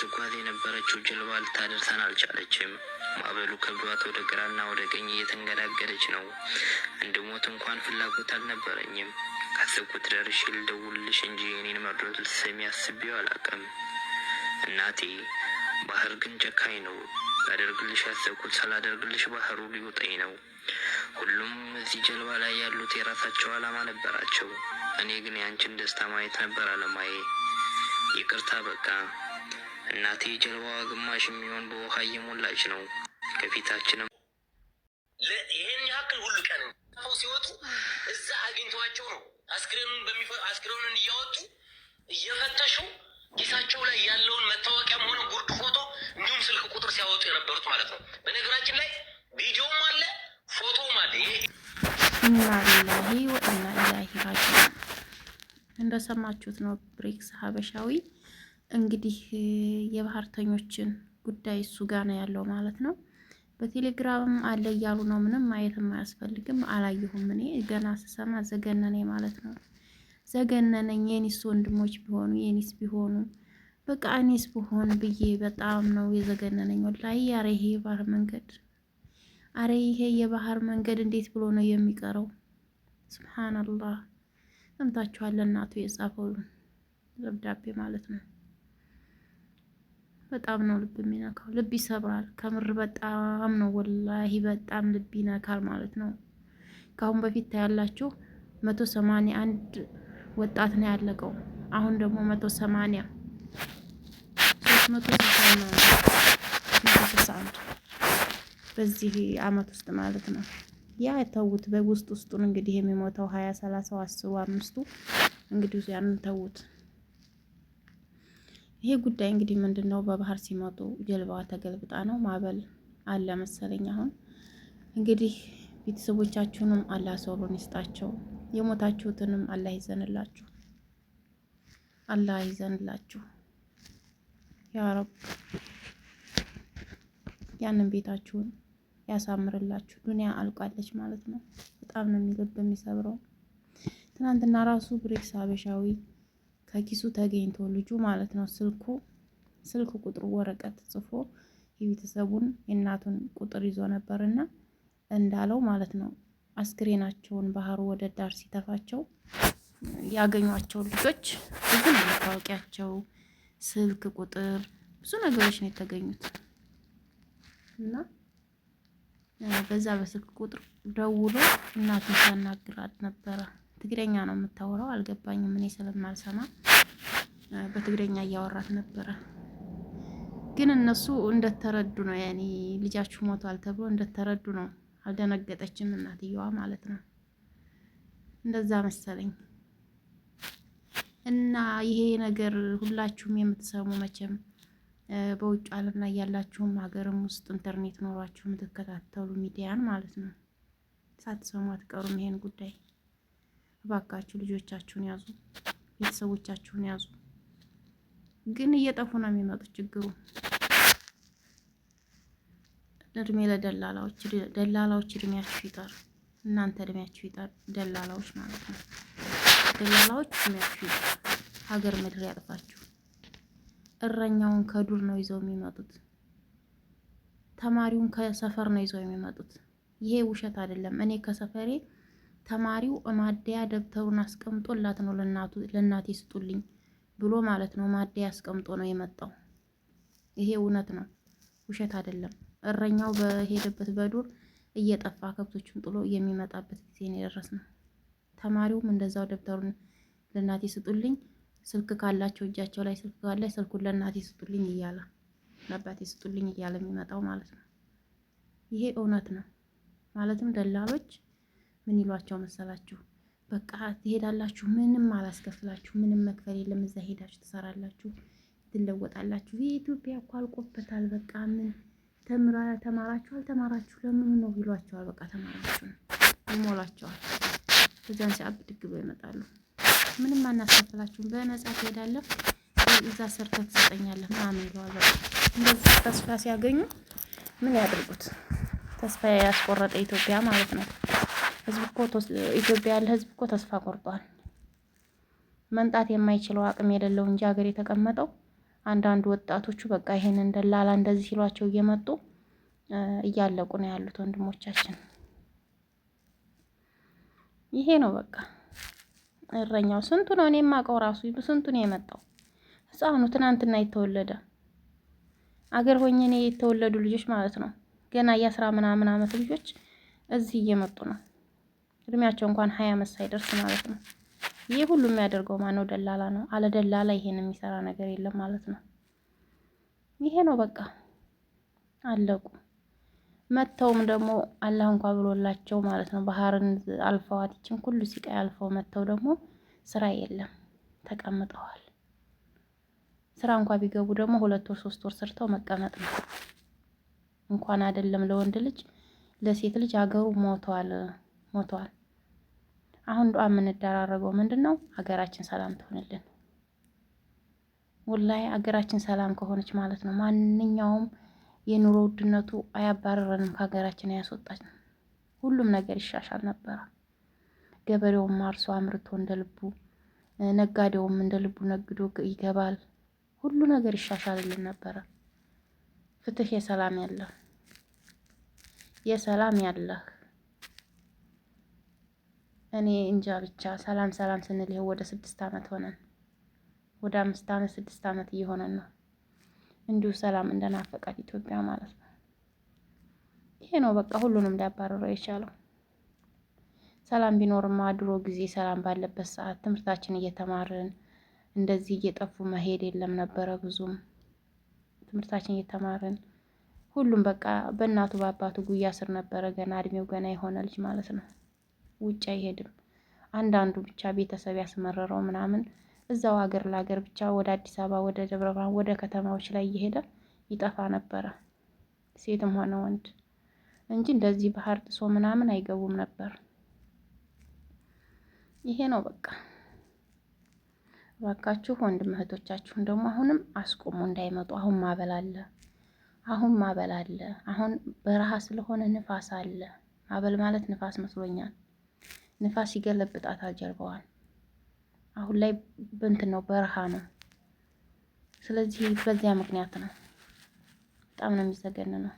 ስትጓዝ የነበረችው ጀልባ ልታደርሰን አልቻለችም። ማዕበሉ ከብዷት ወደ ግራና ወደ ቀኝ እየተንገዳገደች ነው። እንድሞት እንኳን ፍላጎት አልነበረኝም። ካሰብኩት ደርሼ ልደውልልሽ እንጂ የኔን መርዶ ልትሰሚ አስቤው አላቅም። እናቴ ባህር ግን ጨካኝ ነው። ላደርግልሽ ያሰብኩት ሳላደርግልሽ ባህሩ ሊውጠኝ ነው። ሁሉም እዚህ ጀልባ ላይ ያሉት የራሳቸው ዓላማ ነበራቸው። እኔ ግን ያንቺን ደስታ ማየት ነበር አለማዬ። ይቅርታ በቃ እናቴ ጀልባዋ ግማሽ የሚሆን በውሃ እየሞላች ነው። ከፊታችንም ይህን ያክል ሁሉ ቀን ሲወጡ እዛ አግኝተዋቸው ነው። አስክሬኑን እያወጡ እየፈተሹ ኪሳቸው ላይ ያለውን መታወቂያም ሆነ ጉርድ ፎቶ እንዲሁም ስልክ ቁጥር ሲያወጡ የነበሩት ማለት ነው። በነገራችን ላይ ቪዲዮም አለ ፎቶም አለ። ኢና ሊላሂ ወኢና ኢለይሂ ራጂዑን። እንደሰማችሁት ነው ብሬክስ ሀበሻዊ እንግዲህ የባህርተኞችን ጉዳይ እሱ ጋር ነው ያለው ማለት ነው። በቴሌግራምም አለ እያሉ ነው። ምንም ማየትም አያስፈልግም። አላየሁም። እኔ ገና ስሰማ ዘገነነ ማለት ነው። ዘገነነኝ። የኒስ ወንድሞች ቢሆኑ የኒስ ቢሆኑ በቃ እኔስ ብሆን ብዬ በጣም ነው የዘገነነኝ። ወላሂ አረ ይሄ የባህር መንገድ አረ ይሄ የባህር መንገድ እንዴት ብሎ ነው የሚቀረው? ስብሓናላህ ሰምታችኋል። እናቱ የጻፈው ደብዳቤ ማለት ነው። በጣም ነው ልብ የሚነካው። ልብ ይሰብራል። ከምር በጣም ነው ወላሂ፣ በጣም ልብ ይነካል ማለት ነው። ከአሁን በፊት ታያላችሁ መቶ ሰማንያ አንድ ወጣት ነው ያለቀው። አሁን ደግሞ መቶ ሰማንያ ሶስት መቶ ስልሳ ነው መቶ ስልሳ አንድ በዚህ አመት ውስጥ ማለት ነው። ያ ተውት በውስጥ ውስጡን እንግዲህ የሚሞተው ሀያ ሰላሳው አስቡ አምስቱ እንግዲህ ያንን ተውት። ይሄ ጉዳይ እንግዲህ ምንድን ነው በባህር ሲመጡ ጀልባዋ ተገልብጣ ነው ማዕበል አለ መሰለኝ። አሁን እንግዲህ ቤተሰቦቻችሁንም አላህ ሶብሩን ይስጣቸው፣ የሞታችሁትንም አላህ ይዘንላችሁ፣ አላህ ይዘንላችሁ ያ ረብ ያንን ቤታችሁን ያሳምርላችሁ። ዱንያ አልቋለች ማለት ነው። በጣም ነው ልብ የሚሰብረው። ትናንትና ራሱ ብሬክስ አበሻዊ ከኪሱ ተገኝቶ ልጁ ማለት ነው ስልኩ ስልክ ቁጥሩ ወረቀት ጽፎ የቤተሰቡን የእናቱን ቁጥር ይዞ ነበር እና እንዳለው ማለት ነው አስክሬናቸውን ባህሩ ወደ ዳር ሲተፋቸው ያገኟቸው ልጆች ብዙ መታወቂያቸው፣ ስልክ ቁጥር፣ ብዙ ነገሮች ነው የተገኙት እና በዛ በስልክ ቁጥር ደውሎ እናቱን ሲያናግራት ነበረ። ትግረኛ ነው የምታወራው? አልገባኝም። እኔ ስለማልሰማ በትግረኛ እያወራት ነበረ። ግን እነሱ እንደተረዱ ነው ያኔ ልጃችሁ ሞቷል ተብሎ እንደተረዱ ነው። አልደነገጠችም እናትየዋ ማለት ነው። እንደዛ መሰለኝ። እና ይሄ ነገር ሁላችሁም የምትሰሙ መቼም በውጭ ዓለም ላይ ያላችሁም ሀገርም ውስጥ ኢንተርኔት ኖሯችሁ የምትከታተሉ ሚዲያን ማለት ነው ሳትሰሙ አትቀሩም ይሄን ጉዳይ እባካችሁ ልጆቻችሁን ያዙ፣ ቤተሰቦቻችሁን ያዙ። ግን እየጠፉ ነው የሚመጡት። ችግሩ እድሜ ለደላላዎች፣ ደላላዎች እድሜያችሁ ይጠር፣ እናንተ እድሜያችሁ ይጠር። ደላላዎች ማለት ነው። ደላላዎች እድሜያችሁ ይጠር፣ ሀገር ምድር ያጥፋችሁ። እረኛውን ከዱር ነው ይዘው የሚመጡት። ተማሪውን ከሰፈር ነው ይዘው የሚመጡት። ይሄ ውሸት አይደለም። እኔ ከሰፈሬ ተማሪው ማደያ ደብተሩን አስቀምጦላት ነው ለእናቴ ስጡልኝ ብሎ ማለት ነው። ማደያ አስቀምጦ ነው የመጣው። ይሄ እውነት ነው፣ ውሸት አይደለም። እረኛው በሄደበት በዱር እየጠፋ ከብቶቹን ጥሎ የሚመጣበት ጊዜ ነው የደረስነው። ተማሪውም እንደዛው ደብተሩን ለእናቴ ስጡልኝ፣ ስልክ ካላቸው እጃቸው ላይ ስልክ ካለ ስልኩን ለእናቴ ስጡልኝ እያለ ለአባቴ ስጡልኝ እያለ የሚመጣው ማለት ነው። ይሄ እውነት ነው ማለትም ደላሎች ምን ይሏቸው መሰላችሁ? በቃ ትሄዳላችሁ፣ ምንም አላስከፍላችሁ፣ ምንም መክፈል የለም። እዛ ሄዳችሁ ትሰራላችሁ፣ ትለወጣላችሁ። የኢትዮጵያ እኮ አልቆበታል። በቃ ምን ተማራችሁ አልተማራችሁ ለምኑ ነው ይሏቸዋል። በቃ ተማራችሁ ነው ይሞላቸዋል። እዚያን ሰዓት ብድግ ብለው ይመጣሉ። ምንም አናስከፍላችሁም፣ በነጻ ትሄዳለህ፣ እዛ ሰርተህ ትሰጠኛለህ ምናምን ይለዋል። በቃ እንደዚህ ተስፋ ሲያገኙ ምን ያድርጉት? ተስፋ ያስቆረጠ ኢትዮጵያ ማለት ነው። ህዝብ እኮ ኢትዮጵያ ያለ ህዝብ እኮ ተስፋ ቆርጧል። መምጣት የማይችለው አቅም የሌለው እንጂ ሀገር የተቀመጠው አንዳንድ ወጣቶቹ በቃ ይሄንን ደላላ እንደዚህ ሲሏቸው እየመጡ እያለቁ ነው ያሉት ወንድሞቻችን። ይሄ ነው በቃ እረኛው ስንቱ ነው? እኔ የማውቀው ራሱ ስንቱ ነው የመጣው? ህፃኑ ትናንትና የተወለደ አገር ሆኜ እኔ የተወለዱ ልጆች ማለት ነው ገና የአስራ ምናምን አመት ልጆች እዚህ እየመጡ ነው። እድሜያቸው እንኳን ሀያ አመት ሳይደርስ ማለት ነው። ይህ ሁሉ የሚያደርገው ማነው? ደላላ ነው። አለ ደላላ ይሄን የሚሰራ ነገር የለም ማለት ነው። ይሄ ነው በቃ አለቁ። መተውም ደግሞ አላህ እንኳ ብሎላቸው ማለት ነው ባህርን አልፈዋት ይችን ሁሉ ስቃይ አልፈው መተው ደግሞ ስራ የለም ተቀምጠዋል። ስራ እንኳ ቢገቡ ደግሞ ሁለት ወር ሶስት ወር ሰርተው መቀመጥ ነው። እንኳን አይደለም ለወንድ ልጅ ለሴት ልጅ ሀገሩ ሞተዋል ሞተዋል። አሁን ዱዓ የምንደራረገው ምንድን ነው? ሀገራችን ሰላም ትሆንልን። ወላሂ ሀገራችን ሰላም ከሆነች ማለት ነው ማንኛውም የኑሮ ውድነቱ አያባረረንም፣ ከሀገራችን አያስወጣንም። ሁሉም ነገር ይሻሻል ነበረ። ገበሬውም አርሶ አምርቶ እንደ ልቡ፣ ነጋዴውም እንደ ልቡ ነግዶ ይገባል። ሁሉ ነገር ይሻሻልልን ነበረ። ፍትህ የሰላም ያለህ የሰላም ያለህ እኔ እንጃ ብቻ ሰላም ሰላም ስንል ይኸው ወደ ስድስት ዓመት ሆነን ወደ አምስት ዓመት ስድስት ዓመት እየሆነን ነው። እንዲሁ ሰላም እንደናፈቃት ኢትዮጵያ ማለት ነው። ይሄ ነው በቃ ሁሉንም ሊያባረረው የቻለው። ሰላም ቢኖርማ ድሮ ጊዜ ሰላም ባለበት ሰዓት ትምህርታችን እየተማርን እንደዚህ እየጠፉ መሄድ የለም ነበረ። ብዙም ትምህርታችን እየተማርን ሁሉም በቃ በእናቱ በአባቱ ጉያ ስር ነበረ። ገና እድሜው ገና የሆነ ልጅ ማለት ነው። ውጭ አይሄድም። አንዳንዱ ብቻ ቤተሰብ ያስመረረው ምናምን እዛው ሀገር ለሀገር ብቻ ወደ አዲስ አበባ፣ ወደ ደብረ ብርሃን፣ ወደ ከተማዎች ላይ እየሄደ ይጠፋ ነበረ ሴትም ሆነ ወንድ እንጂ እንደዚህ ባህር ጥሶ ምናምን አይገቡም ነበር። ይሄ ነው በቃ። እባካችሁ ወንድም እህቶቻችሁን ደግሞ አሁንም አስቆሙ እንዳይመጡ። አሁን ማበል አለ፣ አሁን ማበል አለ። አሁን በረሃ ስለሆነ ንፋስ አለ። ማበል ማለት ንፋስ መስሎኛል። ንፋስ ይገለብጣታል ጀርባዋን። አሁን ላይ በእንትን ነው በረሃ ነው። ስለዚህ በዚያ ምክንያት ነው በጣም ነው የሚዘገን ነው።